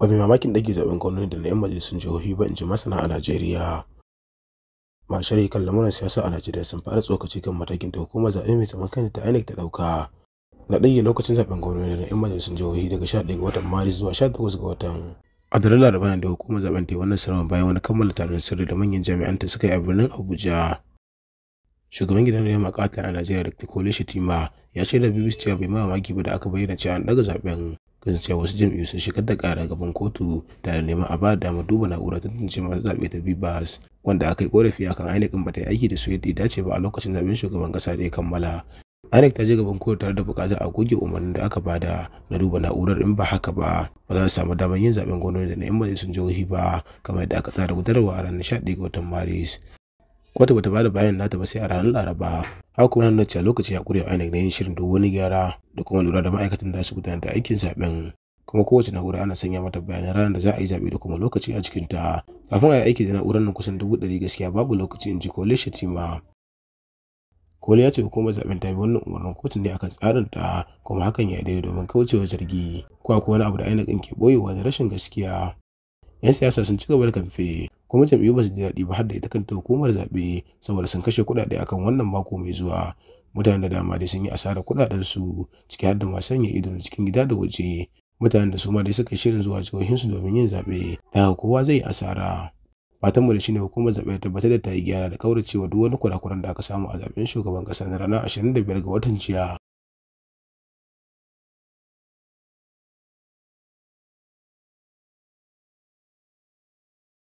ba mai mamakin ɗage zaben gwamnati da na 'yan majalisun jihohi ba in ji masana a najeriya mashari kan lamuran siyasa a najeriya sun fara tsokaci kan matakin da hukumar zaɓe mai zaman kanta ta inec ta ɗauka na ɗage lokacin zaɓen gwamnati da na 'yan majalisun jihohi daga ɗaya ga watan maris zuwa sha takwas ga watan a daren laraba da hukumar zaɓen ta yi wannan sanarwar bayan wani kammala taron sirri da manyan jami'an ta suka yi a birnin abuja shugaban gidan mai makata a najeriya da kole tima ya ce da bbc cewa bai mamaki ba da aka bayyana cewa an daga zaɓen kan cewa wasu jam'iyyu sun shigar da ƙara gaban kotu tare neman a ba damar duba na'urar tantance masu zaɓe ta bibas wanda aka yi ƙorafi akan ainihin bata yi aiki da su yadda ya dace ba a lokacin zaɓen shugaban ƙasa da ya kammala INEC ta je gaban kotu tare da bukatar a goge umarnin da aka bada na duba na'urar in ba haka ba ba za su samu damar yin zaben gwamnati da na 'yan majalisun jihohi ba kamar yadda aka tsara gudarwa a ranar 11 ga watan Maris. wata bata bada bayan nata ba sai a ranar laraba haka kuma nuna cewa lokaci ya kurewa ainihin na yin shirin duk wani gyara da kuma lura da ma'aikatan da su gudanar da aikin zaben kuma kowace na'ura ana sanya mata bayanan ranar da za a yi zaɓe da kuma lokaci a cikinta kafin a yi aiki da na'urar nan kusan dubu ɗari gaskiya babu lokaci in ji kole shatima kole ya ce hukumar zaben ta bi wannan umarnin kotun ne akan tsarin ta kuma hakan ya daidai domin kaucewa jirgi ko akwai wani abu da ainihin ke boyewa da rashin gaskiya yan siyasa sun ci gaba da kamfe kuma jam'iyyu ba su ji daɗi ba har da ita kanta hukumar zaɓe saboda sun kashe kuɗaɗe akan wannan mako mai zuwa mutanen da dama dai sun yi asarar kuɗaɗen ciki har da masu sanya ido na cikin gida da waje mutanen da su ma dai suka shirin zuwa jihohinsu domin yin zaɓe da haka kowa zai yi asara fatan mu da shine hukumar zaɓe ta tabbatar da ta yi gyara da kauracewa duk wani kurakuran da aka samu a zaɓen shugaban ƙasa na ranar 25 ga watan jiya